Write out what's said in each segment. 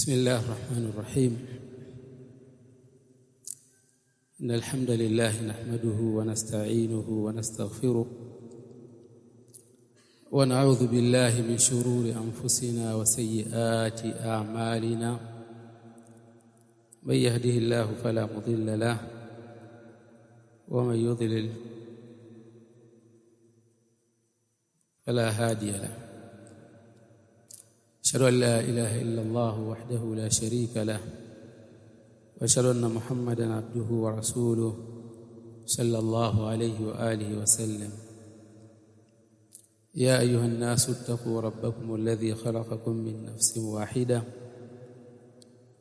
بسم الله الرحمن الرحيم إن الحمد لله نحمده ونستعينه ونستغفره ونعوذ بالله من شرور أنفسنا وسيئات أعمالنا من يهده الله فلا مضل له ومن يضلل فلا هادي له أشهد أن لا إله إلا الله وحده لا شريك له وأشهد أن محمدا عبده ورسوله صلى الله عليه وآله وسلم يا أيها الناس اتقوا ربكم الذي خلقكم من نفس واحدة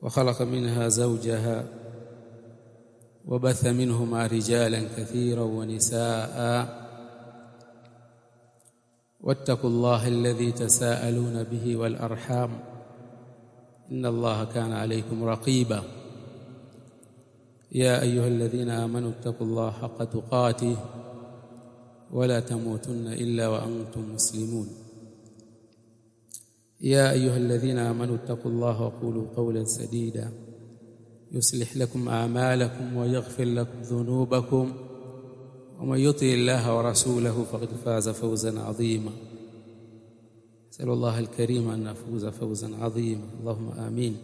وخلق منها زوجها وبث منهما رجالا كثيرا ونساء واتقوا الله الذي تساءلون به والأرحام إن الله كان عليكم رقيبا يا أيها الذين آمنوا اتقوا الله حق تقاته ولا تموتن إلا وأنتم مسلمون يا أيها الذين آمنوا اتقوا الله وقولوا قولا سديدا يصلح لكم أعمالكم ويغفر لكم ذنوبكم ومن يطع الله ورسوله فقد فاز فوزا عظيما نسأل الله الكريم أن نفوز فوزا عظيما اللهم آمين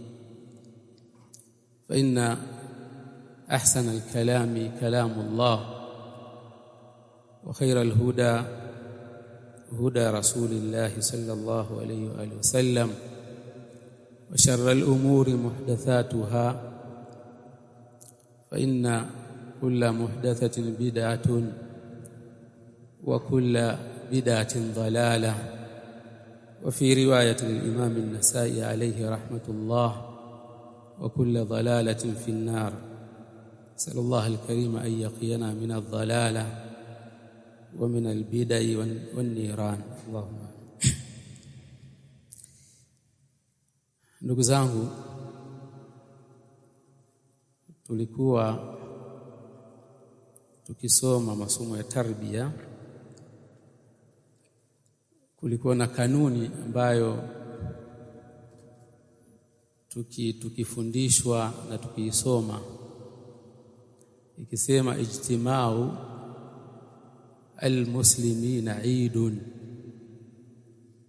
فإن أحسن الكلام كلام الله وخير الهدى هدى رسول الله صلى الله عليه وآله وسلم وشر الأمور محدثاتها فإن كل محدثة بدعة وكل بدعة ضلالة وفي رواية الإمام النسائي عليه رحمة الله وكل ضلالة في النار أسأل الله الكريم أن يقينا من الضلالة ومن البدع والنيران اللهم نقزانه zangu tukisoma masomo ya tarbia, kulikuwa na kanuni ambayo tuki tukifundishwa na tukiisoma ikisema, ijtimau almuslimina idun,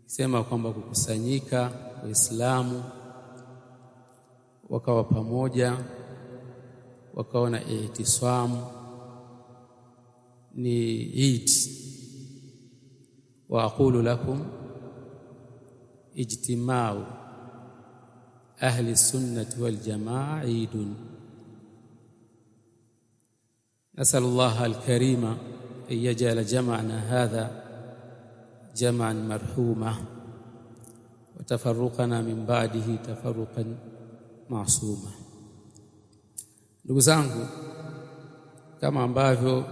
sema kwamba kukusanyika Waislamu wakawa pamoja wakaona na ihtisamu ni وأقول لكم اجتماع أهل السنة والجماعة عيد نسأل الله الكريم أن يجعل جمعنا هذا جمعا مرحوما وتفرقنا من بعده تفرقا معصوما ndugu zangu kama ambavyo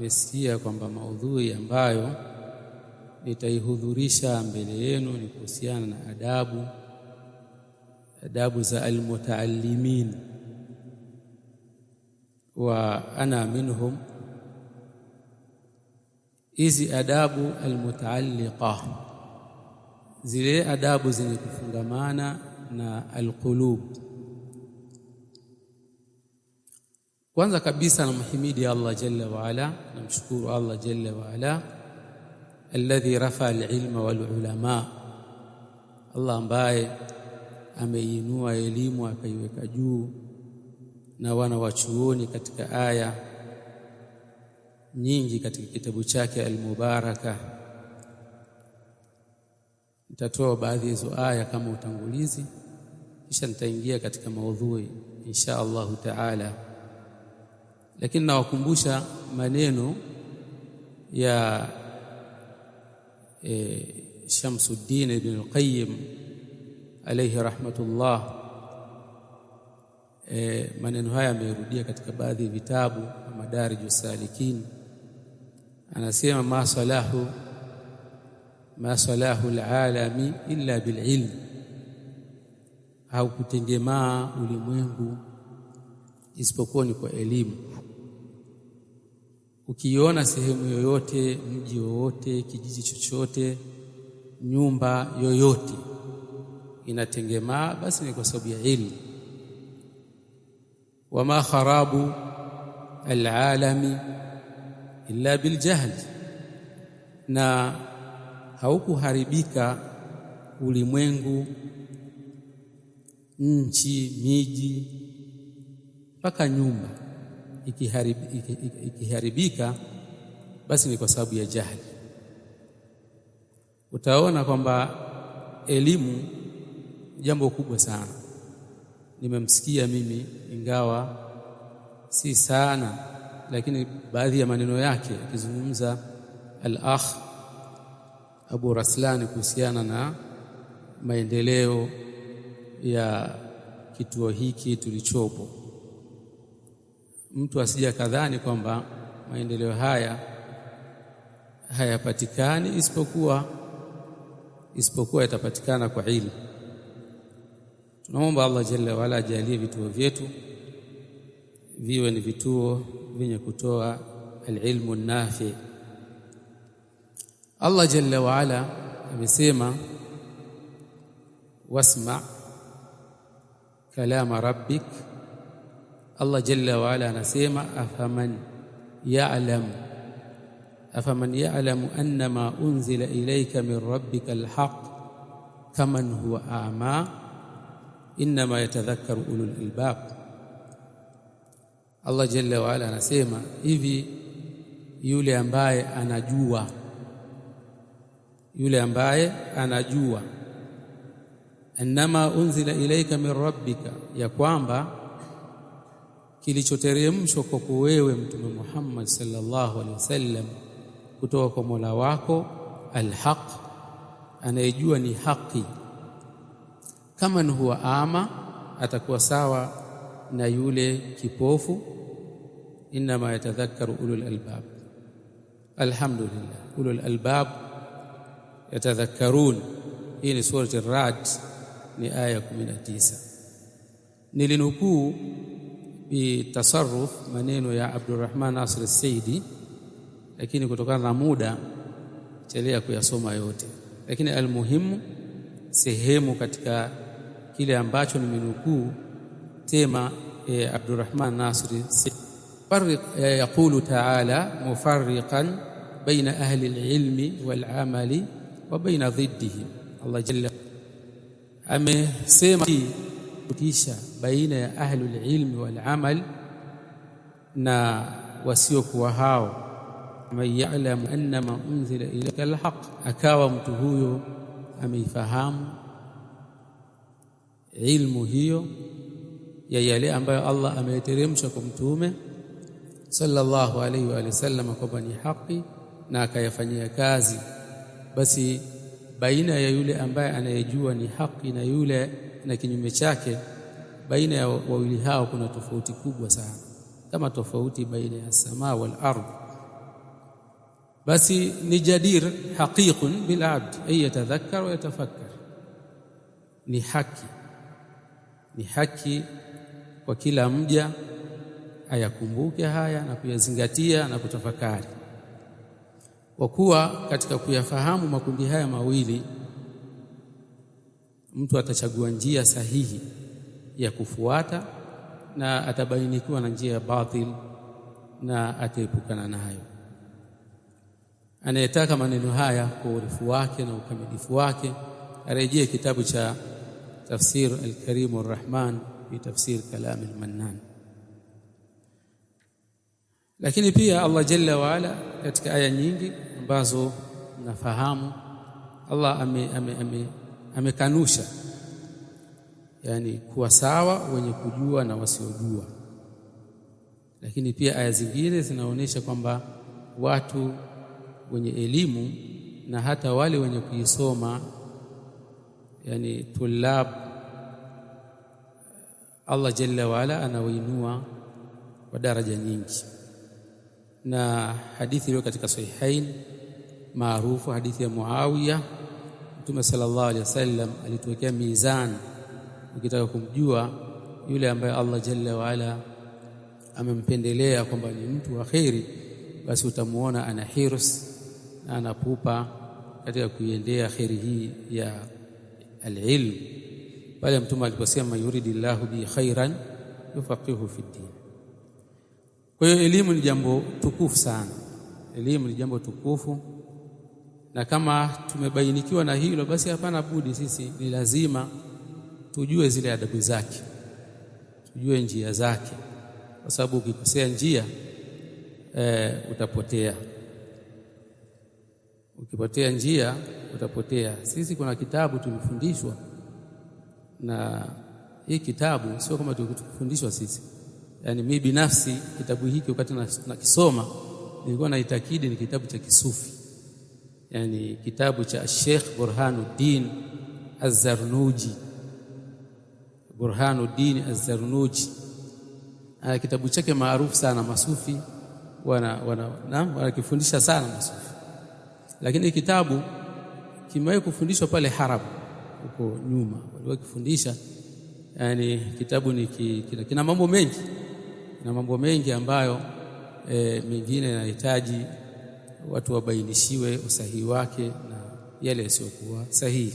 mesikia kwamba maudhui ambayo nitaihudhurisha mbele yenu ni kuhusiana na adabu adabu za almutaallimin wa ana minhum. Hizi adabu almutaalliqa, zile adabu zenye kufungamana na alqulub Kwanza kabisa namhimidi Allah jalla waala, namshukuru Allah jalla waala alladhi rafaa alilma walulama, Allah ambaye ameinua elimu akaiweka juu, na wana wachuoni katika aya nyingi katika kitabu chake Almubaraka. Nitatoa baadhi hizo aya kama utangulizi, kisha nitaingia katika maudhui insha Allahu taala. Lakini nawakumbusha maneno ya e, Shamsuddin Ibn al-Qayyim alayhi rahmatullah. E, maneno haya yamerudia katika baadhi ya vitabu na Madariju Salikin. Anasema ma salahu ma salahu alalami illa bililm, haukutengemaa ulimwengu isipokuwa ni kwa elimu ukiona sehemu yoyote, mji wowote, kijiji chochote, nyumba yoyote inatengemaa, basi ni kwa sababu ya ilmu. Wama kharabu alalami illa biljahli, na haukuharibika ulimwengu, nchi, miji mpaka nyumba ikiharibika basi ni kwa sababu ya jahili. Utaona kwamba elimu jambo kubwa sana. Nimemsikia mimi ingawa si sana, lakini baadhi ya maneno yake akizungumza al-akh Abu Raslan kuhusiana na maendeleo ya kituo hiki tulichopo mtu asija kadhani kwamba maendeleo haya hayapatikani isipokuwa isipokuwa yatapatikana kwa ilmu. Tunaomba Allah jalla waala ajalie vituo vyetu viwe ni vituo vyenye kutoa alilmu nafi. Allah jalla waala amesema, wasma kalama rabbik Allah jalla waala anasema afaman ya'lamu afaman ya'lamu annama unzila ilayka min rabbika alhaq kaman huwa ama innama yatadhakkaru ulul albab Allah jalla waala anasema hivi yule ambaye anajua yule ambaye anajua annama unzila ilayka min rabbika ya kwamba kilichoteremshwa kwako wewe Mtume Muhammad sallallahu alaihi wasallam kutoka kwa Mola wako alhaq, anayejua ni haki. Kama ni huwa ama, atakuwa sawa na yule kipofu. Innama yatadhakkaru ulul albab. Alhamdulillah, ulul albab yatadhakkarun. Hii ni surati Ar-Ra'd, ni aya ya 19. Nilinukuu bitasaruf, maneno ya Abdurrahman Asr Saidi, lakini kutokana na muda chelea kuyasoma yote, lakini almuhimu sehemu katika kile ambacho nimenukuu tema e, Abdurrahman Nasri e, eh, yaqulu taala mufarriqan baina ahli alilmi walamali wa baina dhiddihim. Allah jalla amesema kutisha baina ya ahlul ilmi wal amal na wasiokuwa hao man ya'lamu anna ma unzila ilayka alhaq, akawa mtu huyo ameifahamu ilmu hiyo ya yale ambayo Allah ameiteremsha kwa mtume sallallahu alaihi wa sallam kwamba ni haki na akayafanyia kazi, basi baina ya yule ambaye anayejua ni haki na yule na kinyume chake, baina ya wawili hao kuna tofauti kubwa sana, kama tofauti baina ya samaa wal ardh Basi ni jadir haqiqun bil abd ay yatadhakkar wa yatafakkar, ni haki ni haki kwa kila mja ayakumbuke haya na kuyazingatia na kutafakari, kwa kuwa katika kuyafahamu makundi haya mawili mtu atachagua njia sahihi ya kufuata na atabainikiwa na njia ya batil na ataepukana nayo. Anayetaka maneno haya kwa urefu wake na ukamilifu wake arejee kitabu cha Tafsir Alkarimu Arrahman fi tafsir Kalam Almannan. Lakini pia Allah jalla waala katika aya nyingi ambazo nafahamu Allah ame, ame, ame amekanusha yani kuwa sawa wenye kujua na wasiojua. Lakini pia aya zingine zinaonyesha kwamba watu wenye elimu na hata wale wenye kuisoma, yani tulab, Allah jalla waala anawainua kwa daraja nyingi. Na hadithi iliyo katika Sahihain maarufu, hadithi ya Muawiya Mtume sallallahu alaihi wasallam alituwekea mizan ukitaka kumjua yule ambaye Allah jalla wa waala amempendelea kwamba ni mtu wa kheri, basi utamuona ana hirs na anapupa katika kuiendea kheri hii ya alilm, pale Mtume aliposema Allahu bi khairan yufaqihu fi din. Kwa hiyo elimu ni jambo tukufu sana, elimu ni jambo tukufu na kama tumebainikiwa na hilo, basi hapana budi, sisi ni lazima tujue zile adabu zake, tujue njia zake, kwa sababu ukikosea njia e, utapotea. Ukipotea njia utapotea. Sisi kuna kitabu tulifundishwa, na hii kitabu sio kama tukufundishwa sisi, yani mimi binafsi kitabu hiki wakati nakisoma na nilikuwa naitakidi ni kitabu cha kisufi yani kitabu cha Sheikh Burhanuddin Az-Zarnuji, Burhanuddin Az-Zarnuji ana ah, kitabu chake maarufu sana, masufi wana wanakifundisha wana sana masufi, lakini kitabu kimewahi kufundishwa pale Harab huko nyuma, waliwahi kufundisha. Yani kitabu ni ki, kina, kina mambo mengi, na mambo mengi ambayo e, mengine yanahitaji watu wabainishiwe usahihi wake na yale yasiyokuwa sahihi.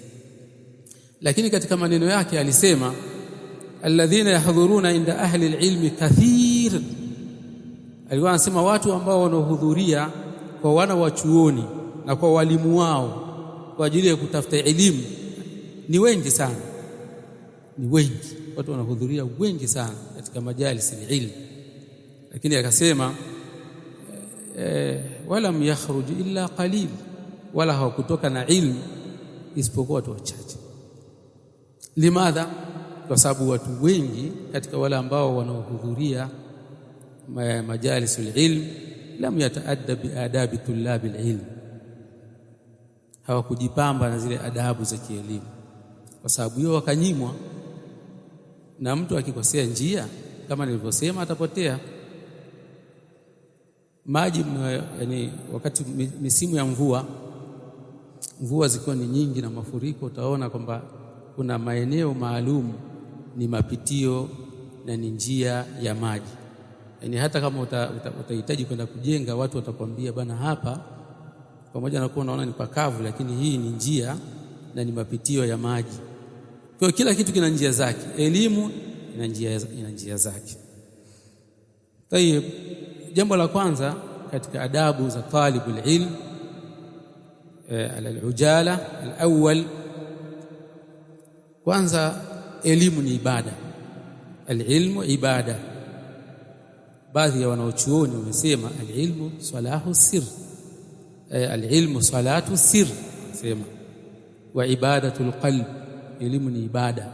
Lakini katika maneno yake alisema alladhina yahdhuruna inda ahli alilmi kathir, alikuwa anasema watu ambao wanaohudhuria kwa wana wa chuoni na kwa walimu wao kwa ajili ya kutafuta elimu ni wengi sana, ni wengi watu wanahudhuria wengi sana katika majalisi ilmu, lakini akasema Eh, walam yakhruju illa qalil, wala hawakutoka na ilmu isipokuwa watu wachache. Limadha? Kwa sababu watu wengi katika wale ambao wanaohudhuria majalisul ilm lam yataadda biadabi tulabi lilm, hawakujipamba na zile adabu za kielimu, kwa sababu hiyo wakanyimwa. Na mtu akikosea njia, kama nilivyosema, atapotea maji yani, wakati misimu ya mvua mvua zikiwa ni nyingi na mafuriko, utaona kwamba kuna maeneo maalum ni mapitio na ni njia ya maji. Yani hata kama utahitaji uta, uta kwenda kujenga, watu watakwambia bana, hapa pamoja na kuwa unaona ni pakavu, lakini hii ni njia na ni mapitio ya maji. Kwa kila kitu kina njia zake, elimu ina njia, ina njia zake. Tayeb. Jambo la kwanza katika adabu za talibul ilm eh, ala alujala kwanza elimu ni ibada, alilmu ibada. Baadhi ya wanaochuoni wamesema alilmu salahu sir, eh, alilmu salatu sir, sema wa ibadatu lqalb, elimu ni ibada,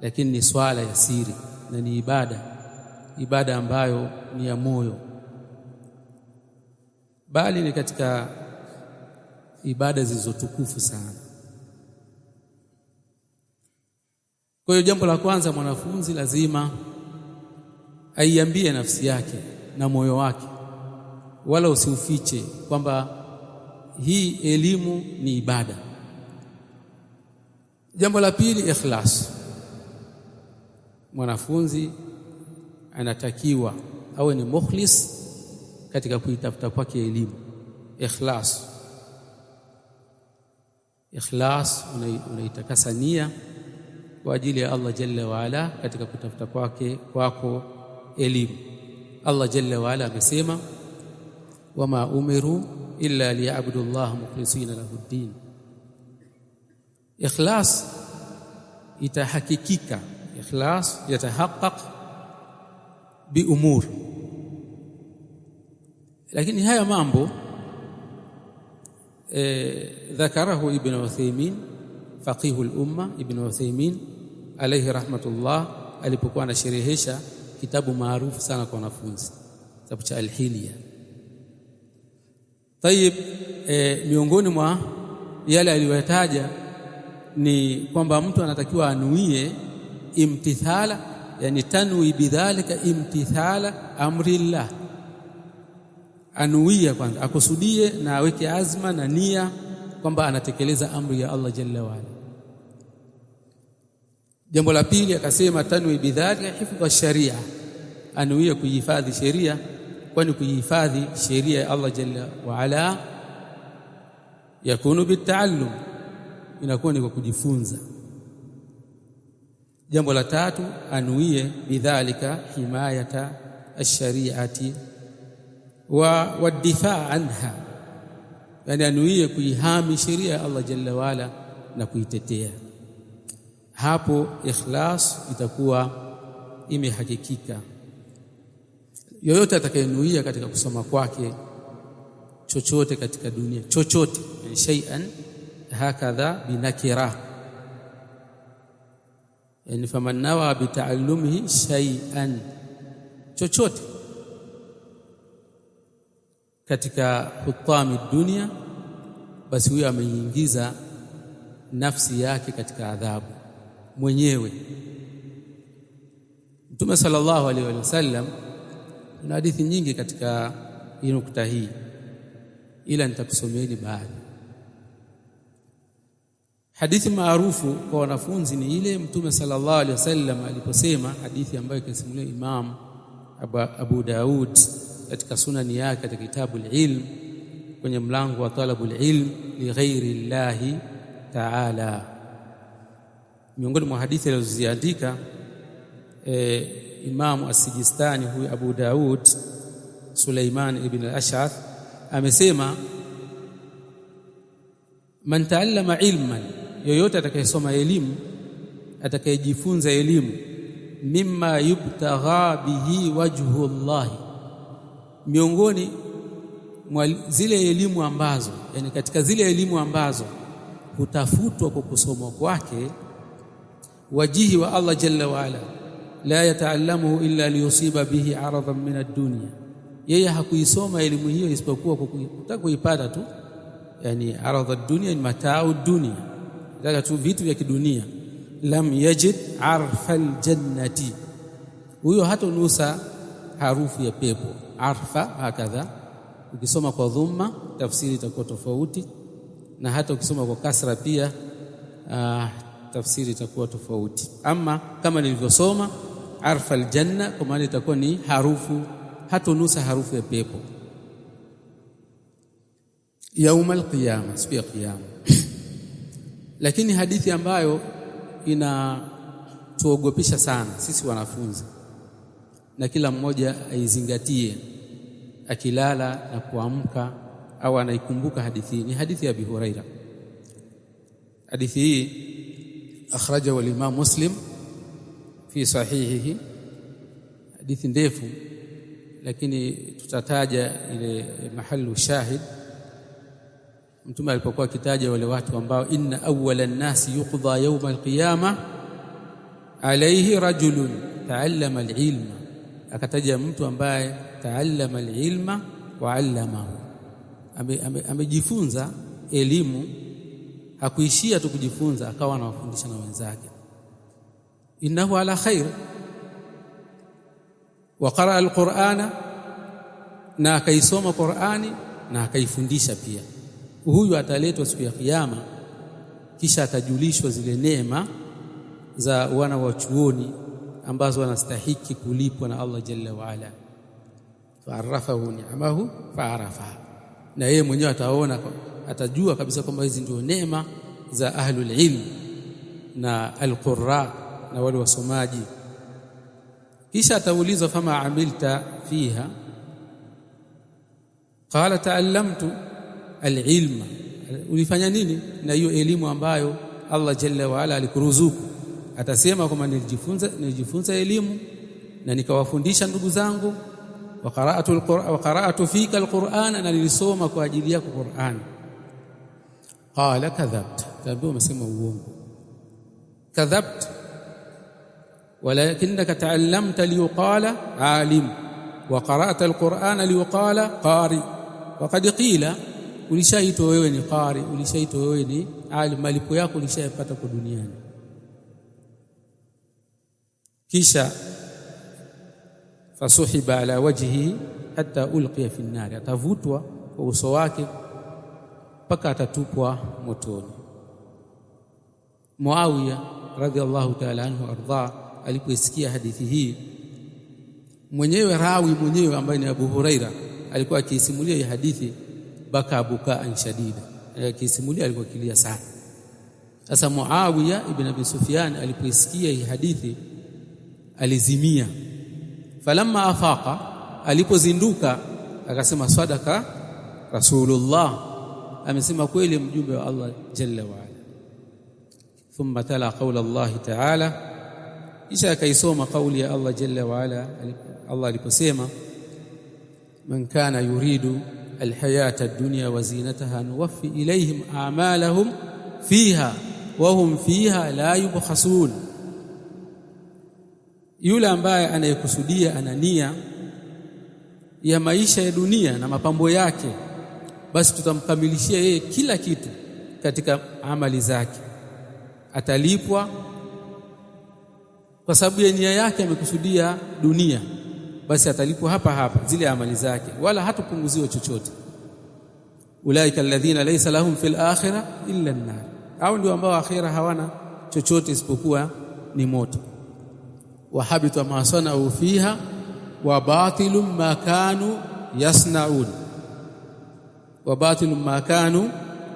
lakini ni swala ya siri na ni ibada ibada ambayo ni ya moyo, bali ni katika ibada zilizotukufu sana. Kwa hiyo jambo la kwanza, mwanafunzi lazima aiambie nafsi yake na moyo wake, wala usiufiche kwamba hii elimu ni ibada. Jambo la pili, ikhlas. Mwanafunzi anatakiwa awe ni mukhlis katika kuitafuta kwake elimu ikhlas ikhlas unaitakasa una nia kwa ajili ya Allah jalla waala katika kutafuta kwake kwako elimu Allah jalla waala amesema wama umiru illa liyabudu Allah mukhlisina lahu ddin ikhlas itahakikika ikhlas yatahaqqaq biumur, lakini haya mambo e, dhakarahu Ibn Uthaymin faqihu lumma Ibn Uthaymeen alayhi rahmatullah alipokuwa anasherehesha kitabu maarufu sana kwa wanafunzi, kitabu cha Alhilia. Tayib, e, miongoni mwa yale aliyoyataja ni kwamba mtu anatakiwa anuie imtithala yani tanwi bidhalika imtithala amrillah, anuia kwanza, akusudie na aweke azma na nia kwamba anatekeleza amri ya Allah jalla waala. Jambo la pili akasema, tanwi bidhalika hifdha sharia, anuia kuihifadhi sheria, kwani kuihifadhi sheria ya Allah jalla waala yakunu bitaallum, inakuwa ni kwa kujifunza Jambo la tatu, anuie bidhalika himayata alshariati wa wadifaa anha, yani anuie kuihami sheria ya Allah jalla waala na kuitetea. Hapo ikhlas itakuwa imehakikika. Yoyote atakayenuia katika kusoma kwake chochote katika dunia chochote, shay'an hakadha binakira yani faman nawa bitaallumihi shay'an, chochote katika hutami dunia, basi huyo ameingiza nafsi yake katika adhabu mwenyewe. Mtume sallallahu alaihi wasallam kuna hadithi nyingi katika hii nukta hii, ila nitakusomeeni baadhi Hadithi maarufu kwa wanafunzi ni ile Mtume sallallahu alaihi wasallam aliposema, hadithi ambayo ikasimuliwa Imam Abu, Abu Daud katika sunani yake katika kitabu al-Ilm kwenye mlango wa talabul ilm li ghairi llahi taala. Miongoni mwa hadithi alizoziandika e, Imam as huyu Abu Daud Suleiman ibn al-Ash'ath amesema man taallama ilman yoyote atakayesoma elimu, atakayejifunza elimu, mimma yubtagha bihi wajhu llahi, miongoni mwa zile elimu ambazo, yani katika zile elimu ambazo hutafutwa kwa kusomwa kwake wajihi wa Allah jalla waala, la yataalamuhu illa liyusiba bihi aradhan min ad-dunya, yeye hakuisoma elimu hiyo isipokuwa kutaka kuipata tu, yani aradha dunia ni matau dunia taka tu vitu vya kidunia. Lam yajid arfa ljannati, huyo hata nusa harufu ya pepo. Arfa hakadha, ukisoma kwa dhumma tafsiri itakuwa tofauti, na hata ukisoma kwa kasra pia uh, tafsiri itakuwa tofauti. Ama kama nilivyosoma arfa aljanna, kwa maana itakuwa ni harufu, nusa harufu ya pepo yauma alqiyama, siku ya Kiyama. Lakini hadithi ambayo inatuogopisha sana sisi wanafunzi na kila mmoja aizingatie akilala na kuamka au anaikumbuka hadithi hii, ni hadithi ya Abi Huraira. Hadithi hii akhrajahu al-Imam Muslim fi sahihihi, hadithi ndefu, lakini tutataja ile mahalu shahid Mtume alipokuwa akitaja wale watu ambao inna awwala nnasi yuqdha yawma alqiyama alayhi rajulun taallama alilma, akataja mtu ambaye taallama alilma wa allamahu, amejifunza elimu, hakuishia tu kujifunza, akawa anawafundisha na wenzake. Innahu ala khair wa qaraa alqur'ana, na akaisoma Qur'ani na akaifundisha pia huyu ataletwa siku ya Kiyama, kisha atajulishwa zile neema za wana wa chuoni ambazo wanastahiki kulipwa na Allah jalla waala. Faarafahu ni'amahu faarafaha, na yeye mwenyewe ataona, atajua kabisa kwamba hizi ndio neema za ahlul ilm na alqurra na wale wasomaji. Kisha ataulizwa fama amilta fiha, qala taallamtu alilma, ulifanya nini na hiyo elimu ambayo Allah jalla waala alikuruzuku? Atasema kwamba nilijifunza, nilijifunza elimu na nikawafundisha ndugu zangu, wa qara'tu fika alqur'ana, na nilisoma kwa ajili yako Qur'an. Qala kadhabta, kaambia umesema uongo. Kadhabta walakinaka taallamta liyuqala alim wa qara'ta alqur'ana liyuqala qari wa qad qila ulishaitwa wewe ni qari, ulishaitwa wewe ni alim, malipo yako ulishayapata kwa duniani. Kisha fasuhiba ala wajhi hata ulqiya fi nnari, atavutwa kwa uso wake mpaka atatupwa motoni. Muawiya radhiallahu taala anhu arda alipoisikia hadithi hii, mwenyewe rawi mwenyewe ambaye ni Abu Huraira alikuwa akiisimulia hii hadithi baka bukaan shadida, akisimulia alikuwa kilia sana. Sasa Muawiya ibn Abi Sufyan alipoisikia hii hadithi alizimia, falamma afaqa, alipozinduka akasema sadaka Rasulullah, amesema kweli mjumbe wa Allah jalla wa ala. Thumma tala qaula Allah taala kisha akaisoma kauli ya Allah jalla waala Allah aliposema man kana yuridu الحياة الدنيا وزينتها نوفي إليهم أعمالهم فيها وهم فيها لا يبخسون يولا مبايا أنا يكسودية أنا نية يا مايشة دنيا نما بامبوياك بس تتم كاميليشية إيه كلا كيتو كاتيكا عمل زاكي أتاليبوا kwa sababu ya nia yake amekusudia basi atalipwa hapa hapa zile amali zake, wala hatupunguziwa chochote. Ulaika alladhina laysa lahum fil akhirah illa an-nar, au ndio ambao akhira hawana chochote isipokuwa ni moto. Wahabita ma sanau fiha wa batilu ma kanu yasnaun wa batilu ma kanu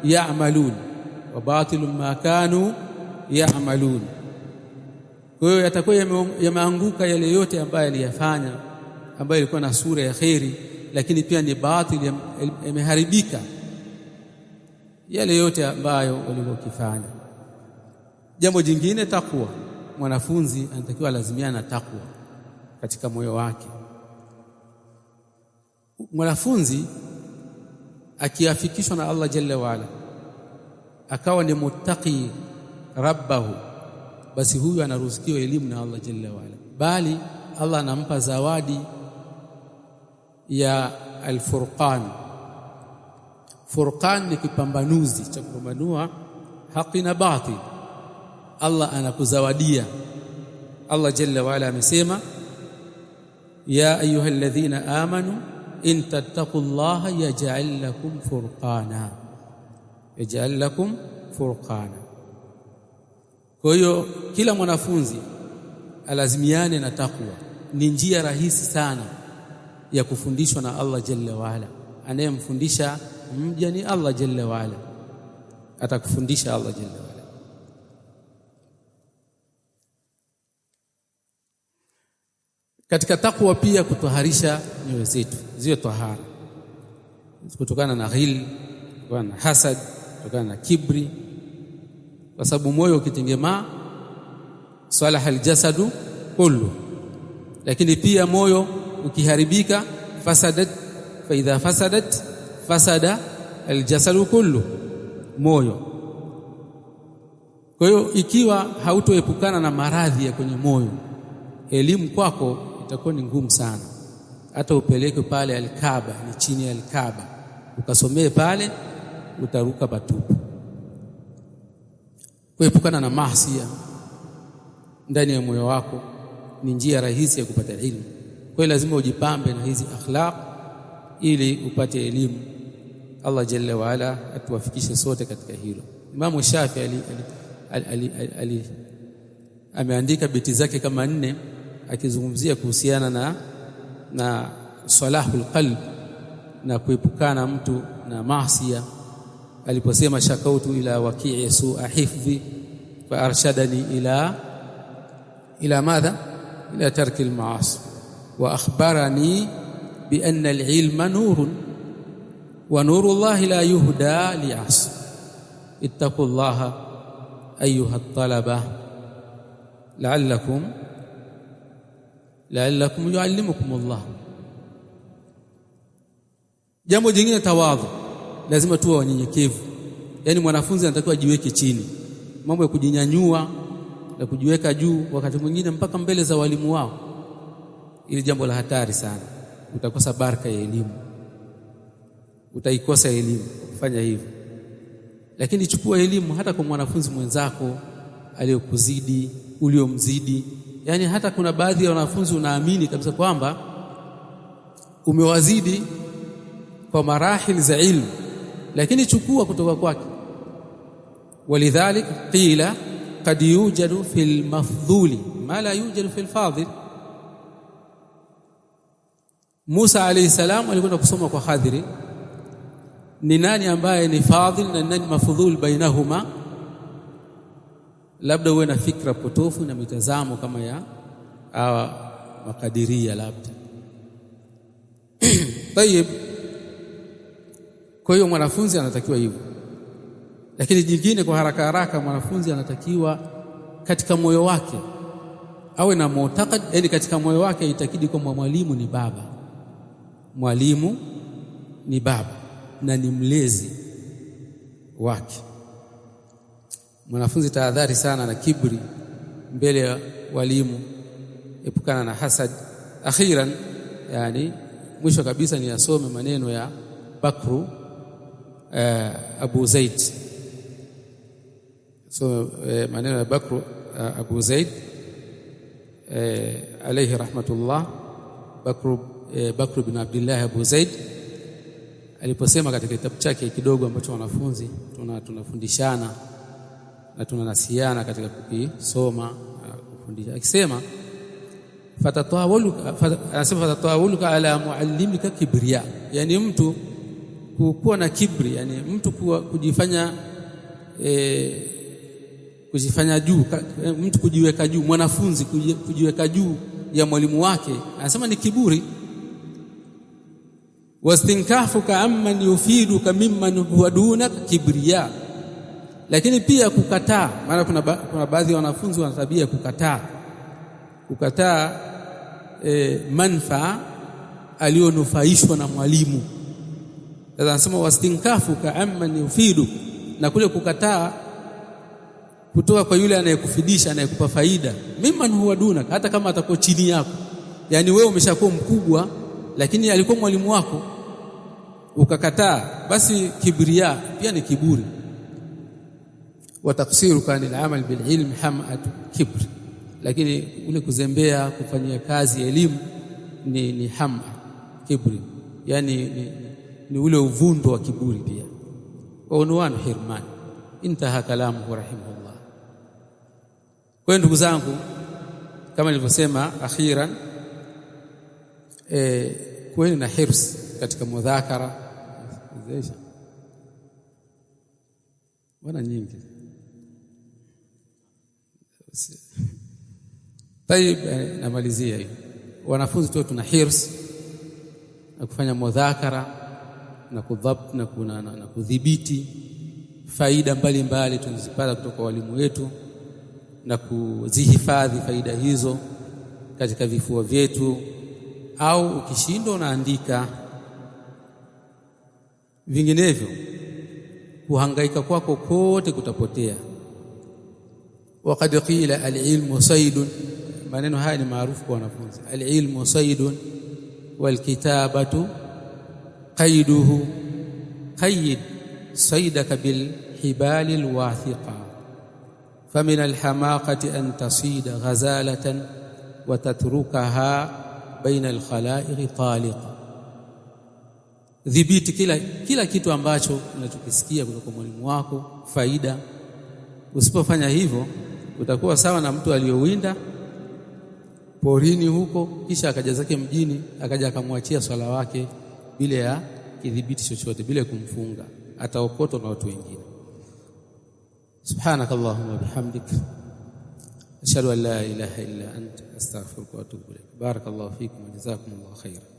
ya'malun wa batilu ma kanu ya'malun. Kwa hiyo yatakuwa yameanguka yale yote ambayo aliyafanya ambayo ilikuwa na sura ya kheri, lakini pia ni batili, imeharibika yale yote ambayo walivyokifanya. Jambo jingine, takwa. Mwanafunzi anatakiwa lazimia na takwa katika moyo wake. Mwanafunzi akiafikishwa na Allah jalla waala akawa ni muttaqi rabbahu, basi huyu anaruhusiwa elimu na Allah jalla waala, bali Allah anampa zawadi ya Alfurqan. Furqan ni kipambanuzi cha kupambanua haki na batil. Allah anakuzawadia. Allah jalla waala amesema, ya ayuha alladhina amanu in tattaqullaha yaj'al lakum furqana, yaj'al lakum furqana. Kwa hiyo kila mwanafunzi alazimiane na takwa, ni njia rahisi sana ya kufundishwa na Allah jalla waala. Anayemfundisha mja ni Allah jalla waala, atakufundisha Allah jalla waala. Katika takwa pia kutoharisha nyoyo zetu ziwe tahara kutokana na ghil, kutokana na hasad, kutokana na kibri, kwa sababu moyo ukitengemaa salaha aljasadu kullu, lakini pia moyo ukiharibika, fasadat fa idha fasadat fasada aljasadu kullu, moyo. Kwa hiyo ikiwa hautoepukana na maradhi ya kwenye moyo, elimu kwako itakuwa ni ngumu sana. Hata upeleke pale Alkaba, ni chini ya Alkaba, ukasomee pale, utaruka patupu. Kuepukana na maasi ndani ya moyo wako ni njia rahisi ya kupata elimu. Kwa hiyo lazima ujipambe na hizi akhlaq ili upate elimu. Allah jalla waala atuwafikishe sote katika hilo. Imamu Shafi ali, ali, ali, ali, ali ameandika beti zake kama nne akizungumzia kuhusiana na, na salahul qalb na kuepukana mtu na maasia aliposema shakautu ila wakii sua hifdhi fa arshadani ila ila madha ila tarki almaasi وأخبرني بأن العلم نور ونور الله لا يهدى لعصر اتقوا الله أيها الطلبة لعلكم لعلكم يعلمكم الله jambo jingine tawadhu lazima tuwe wanyenyekevu yaani mwanafunzi anatakiwa ajiweke chini mambo ya kujinyanyua na kujiweka juu wakati mwingine mpaka mbele za walimu wao ili jambo la hatari sana. Utakosa baraka ya elimu, utaikosa elimu kufanya hivyo. Lakini chukua elimu hata kwa mwanafunzi mwenzako aliyokuzidi, uliomzidi. Yaani hata kuna baadhi ya wanafunzi unaamini kabisa kwamba umewazidi kwa marahili za ilmu, lakini chukua kutoka kwake. Walidhalik qila kad yujadu fil mafdhuli ma la yujadu fil fadhil Musa alayhi salam alikwenda kusoma kwa hadhiri. Ni nani ambaye ni fadhil na nani mafudhul bainahuma? Labda uwe na fikra potofu na mitazamo kama ya hawa makadiria labda. Tayeb, kwa hiyo mwanafunzi anatakiwa hivyo, lakini jingine, kwa haraka haraka, mwanafunzi anatakiwa katika moyo wake awe na mu'taqad, yani katika moyo wake aitakidi kwamba mwalimu ni baba mwalimu ni baba na ni mlezi wake. Mwanafunzi, tahadhari sana na kiburi mbele ya walimu, epukana na hasad. Akhiran, yani mwisho kabisa, ni asome maneno ya Bakru eh, Abu Zaid so eh, maneno ya Bakru eh, Abu Zaid eh, alayhi rahmatullah Bakru e, eh, Bakr bin Abdullah Abu Zaid aliposema katika kitabu chake kidogo ambacho wanafunzi tunafundishana tuna na tunanasiana katika kukisoma kufundisha, akisema fatatawaluka anasema fatatawuluka ala muallimika kibria, yani mtu kuwa na kibri, yani mtu kuwa, kujifanya e, kujifanya juu, mtu kujiweka juu, mwanafunzi kujiweka juu ya mwalimu wake, anasema ni kiburi wastinkaafuka amman yufiduka mimman huwa dunak kibria. Lakini pia kukataa, maana kuna, ba, kuna baadhi ya wanafunzi wana tabia kukataa kukataa e, manfaa aliyonufaishwa na mwalimu. Sasa anasema wastinkafuka amman yufidu, na kule kukataa kutoka kwa yule anayekufidisha anayekupa faida, mimman huwa dunak, hata kama atakuwa chini yako, yaani wewe umeshakuwa mkubwa lakini alikuwa mwalimu wako ukakataa, basi kibria pia ni kiburi. wa taksiruka anil amal bil ilm hamatu kibri, lakini ule kuzembea kufanyia kazi elimu ni, ni hama kibri, yani ni, ni ule uvundo wa kiburi pia. wa unwan hirman. Intaha kalamuhu rahimahullah. Kwa hiyo ndugu zangu, kama nilivyosema akhiran e, eh, kuweni na hirs katika mudhakara. Mbona nyingi Taib, eh, namalizia hiyo. Wanafunzi tu tuna hirs na kufanya mudhakara na kudhab na kudhibiti faida mbalimbali tunazipata kutoka walimu wetu na kuzihifadhi faida hizo katika vifua vyetu. au ukishindwa unaandika. Vinginevyo kuhangaika kwako kote kutapotea. Waqad qila alilmu saydun, maneno haya ni maarufu kwa wanafunzi. Alilmu saydun walkitabatu qayduhu qayd saydaka bil bilhibali lwathiqa famin alhamaqati an tasida ghazalatan watatrukaha baina alkhalaiqi taliq, dhibiti kila, kila kitu ambacho unachokisikia kutoka kwa mwalimu wako faida. Usipofanya hivyo utakuwa sawa na mtu aliyowinda porini huko, kisha akaja zake mjini, akaja akamwachia swala wake bila ya kidhibiti chochote, bila kumfunga, ataokotwa na watu wengine. subhanakallahumma bihamdika أشهد أن لا إله إلا أنت أستغفرك وأتوب إليك بارك الله فيكم وجزاكم الله خيرا